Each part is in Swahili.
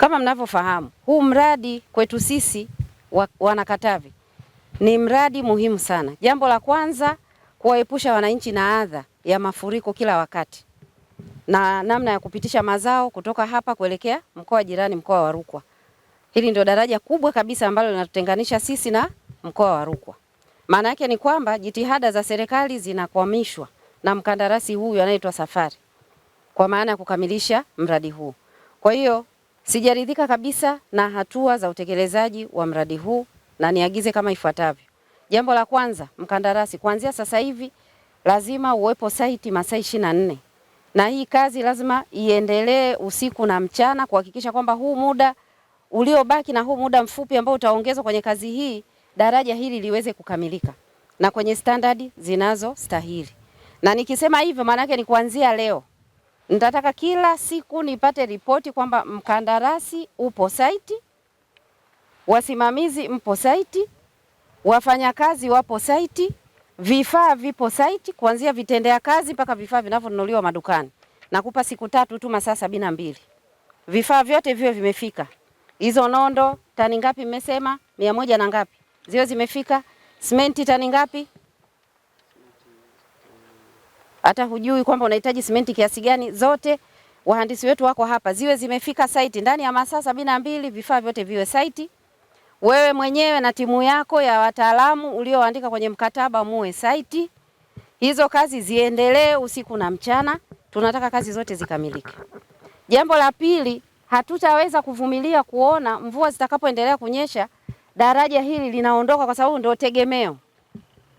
Kama mnavyofahamu, huu mradi kwetu sisi Wanakatavi ni mradi muhimu sana. Jambo la kwanza, kuwaepusha wananchi na adha ya mafuriko kila wakati na namna ya kupitisha mazao kutoka hapa kuelekea mkoa jirani, mkoa wa Rukwa. Hili ndio daraja kubwa kabisa ambalo linatutenganisha sisi na mkoa wa Rukwa. Maana yake ni kwamba jitihada za serikali zinakwamishwa na mkandarasi huyu anaitwa Safari, kwa maana ya kukamilisha mradi huu. Kwa hiyo Sijaridhika kabisa na hatua za utekelezaji wa mradi huu na niagize kama ifuatavyo. Jambo la kwanza, mkandarasi, kuanzia sasa hivi lazima uwepo saiti masaa ishirini na nne na hii kazi lazima iendelee usiku na mchana kuhakikisha kwamba huu muda uliobaki na huu muda mfupi ambao utaongezwa kwenye kazi hii, daraja hili liweze kukamilika na kwenye standardi zinazostahili. Na nikisema hivyo maana yake ni kuanzia leo Nitataka kila siku nipate ripoti kwamba mkandarasi upo saiti, wasimamizi mpo saiti, wafanyakazi wapo saiti, vifaa vipo saiti, kuanzia vitendea kazi mpaka vifaa vinavyonunuliwa madukani. Nakupa siku tatu tu, masaa sabini na mbili vifaa vyote viwe vimefika. Hizo nondo tani ngapi? Mmesema mia moja na ngapi? Ziwe zimefika. Simenti tani ngapi? hata hujui kwamba unahitaji simenti kiasi gani. Zote wahandisi wetu wako hapa, ziwe zimefika site ndani ya masaa sabini na mbili, vifaa vyote viwe site. Wewe mwenyewe na timu yako ya wataalamu ulioandika kwenye mkataba muwe site. Hizo kazi ziendelee usiku na mchana, tunataka kazi zote zikamilike. Jambo la pili, hatutaweza kuvumilia kuona mvua zitakapoendelea kunyesha daraja hili linaondoka, kwa sababu ndio tegemeo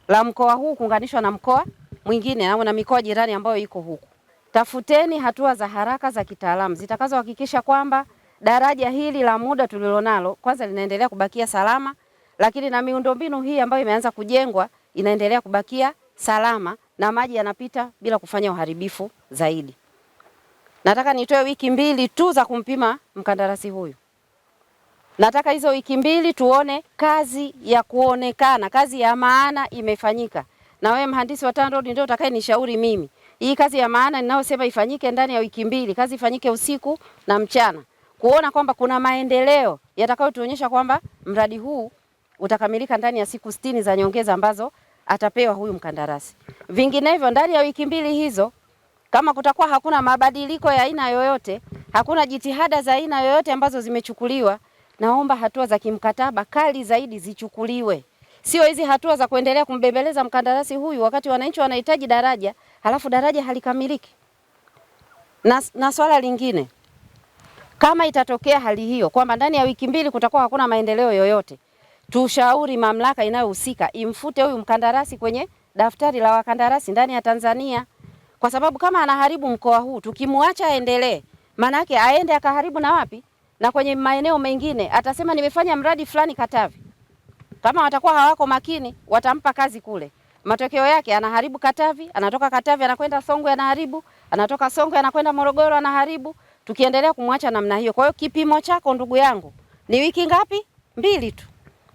la mkoa huu kuunganishwa na mkoa mwingine au na mikoa jirani ambayo iko huku. Tafuteni hatua za haraka za kitaalamu zitakazohakikisha kwamba daraja hili la muda tulilonalo kwanza linaendelea kubakia salama, lakini na miundombinu hii ambayo imeanza kujengwa inaendelea kubakia salama na maji yanapita bila kufanya uharibifu zaidi. Nataka nitoe wiki mbili tu za kumpima mkandarasi huyu. Nataka hizo wiki mbili tuone kazi ya kuonekana, kazi ya maana imefanyika na wewe mhandisi wa TANROADS ndio utakaye nishauri mimi. Hii kazi ya maana ninayosema ifanyike ndani ya wiki mbili, kazi ifanyike usiku na mchana, kuona kwamba kuna maendeleo yatakayotuonyesha kwamba mradi huu utakamilika ndani ya siku sitini za nyongeza ambazo atapewa huyu mkandarasi. Vinginevyo, ndani ya wiki mbili hizo kama kutakuwa hakuna mabadiliko ya aina yoyote, hakuna jitihada za aina yoyote ambazo zimechukuliwa, naomba hatua za kimkataba kali zaidi zichukuliwe sio hizi hatua za kuendelea kumbembeleza mkandarasi huyu wakati wananchi wanahitaji daraja halafu daraja halikamiliki. Na, na swala lingine kama itatokea hali hiyo kwamba ndani ya wiki mbili kutakuwa hakuna maendeleo yoyote, tushauri mamlaka inayohusika imfute huyu mkandarasi kwenye daftari la wakandarasi ndani ya Tanzania, kwa sababu kama anaharibu mkoa huu tukimwacha aendelee, yake aende akaharibu na wapi? Na kwenye maeneo mengine atasema nimefanya mradi fulani Katavi kama watakuwa hawako makini, watampa kazi kule. Matokeo yake anaharibu Katavi, anatoka Katavi anakwenda Songwe anaharibu, anatoka Songwe anakwenda Morogoro anaharibu, tukiendelea kumwacha namna hiyo. Kwa hiyo kipimo chako ndugu yangu ni wiki ngapi? Mbili tu.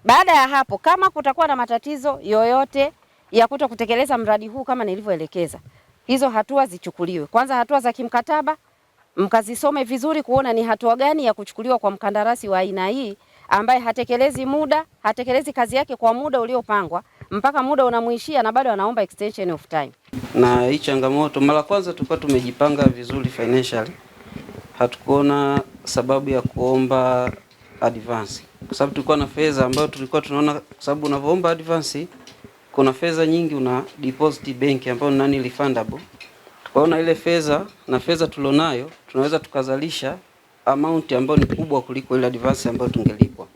Baada ya hapo, kama kutakuwa na matatizo yoyote ya kuto kutekeleza mradi huu kama nilivyoelekeza, hizo hatua zichukuliwe. Kwanza hatua za kimkataba mkazisome vizuri, kuona ni hatua gani ya kuchukuliwa kwa mkandarasi wa aina hii ambaye hatekelezi muda, hatekelezi kazi yake kwa muda uliopangwa mpaka muda unamuishia na bado anaomba extension of time. Na hii changamoto, mara kwanza tulikuwa tumejipanga vizuri financially, hatukuona sababu ya kuomba advance kwa sababu tulikuwa na fedha ambayo tulikuwa tunaona, kwa sababu unavyoomba advance kuna fedha nyingi una deposit bank ambayo ni non refundable. Tukaona ile fedha na fedha tulionayo tunaweza tukazalisha amount ambayo ni kubwa kuliko ile advance ambayo tungelipwa.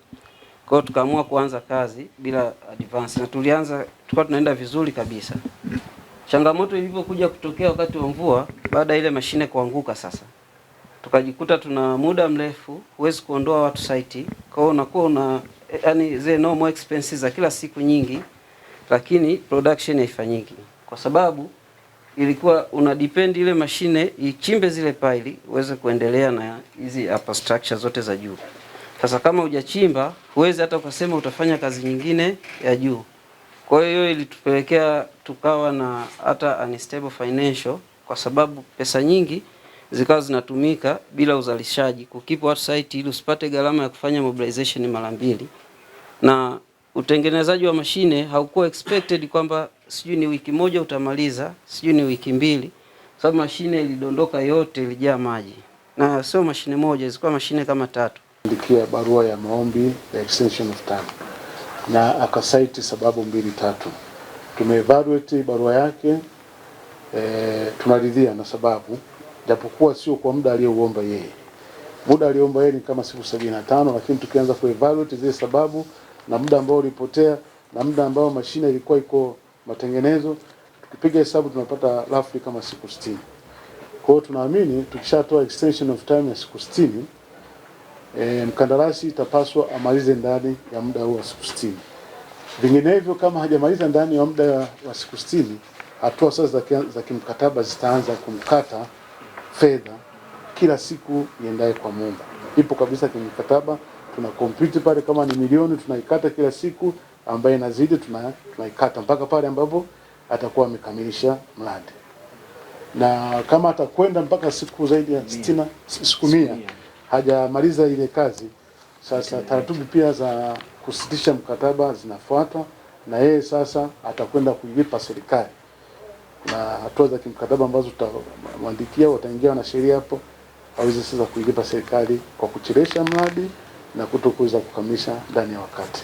Kwa hiyo tukaamua kuanza kazi bila advance na tulianza, tukawa tunaenda vizuri kabisa. Changamoto ilivyokuja kutokea wakati wa mvua, baada ile mashine kuanguka, sasa tukajikuta tuna muda mrefu, huwezi kuondoa watu site, kwa hiyo unakuwa una yani zile more expenses za kila siku nyingi, lakini production haifanyiki kwa sababu ilikuwa una depend ile mashine ichimbe zile pile uweze kuendelea na hizi upper structure zote za juu. Sasa kama hujachimba huwezi hata ukasema utafanya kazi nyingine ya juu. Kwa hiyo ilitupelekea tukawa na hata unstable financial, kwa sababu pesa nyingi zikawa zinatumika bila uzalishaji kukipo watu ili usipate gharama ya kufanya mobilization mara mbili, na utengenezaji wa mashine haukuwa expected kwamba sijui ni wiki moja utamaliza, sijui ni wiki mbili, sababu mashine ilidondoka yote, ilijaa maji na sio mashine moja, zilikuwa mashine kama tatu. Andikia barua ya maombi ya extension of time na akasaiti sababu mbili tatu. Tumeevaluate barua yake e, tunaridhia na sababu, japokuwa sio kwa muda aliyouomba yeye. Muda aliyoomba yeye ni kama siku sabini na tano, lakini tukianza kuevaluate zile sababu na muda ambao ulipotea na muda ambao mashine ilikuwa iko matengenezo, tukipiga hesabu tunapata roughly kama siku 60. Kwa hiyo tunaamini tukishatoa extension of time ya siku 60, e, eh, mkandarasi itapaswa amalize ndani ya muda huo wa siku 60. Vinginevyo kama hajamaliza ndani ya muda wa siku 60, hatua sasa za za kimkataba zitaanza kumkata fedha kila siku iendaye kwa Mungu. Ipo kabisa kimkataba, tuna kompyuta pale, kama ni milioni tunaikata kila siku ambaye inazidi tunaikata mpaka pale ambapo atakuwa amekamilisha mradi, na kama atakwenda mpaka siku zaidi ya sitini siku mia hajamaliza ile kazi. Sasa taratibu pia za kusitisha mkataba zinafuatwa, na yeye sasa atakwenda kuilipa serikali. na hatua za kimkataba ambazo tutamwandikia, wataingia na sheria hapo aweze sasa kuilipa serikali kwa kuchelesha mradi na kutokuweza kukamilisha ndani ya wakati.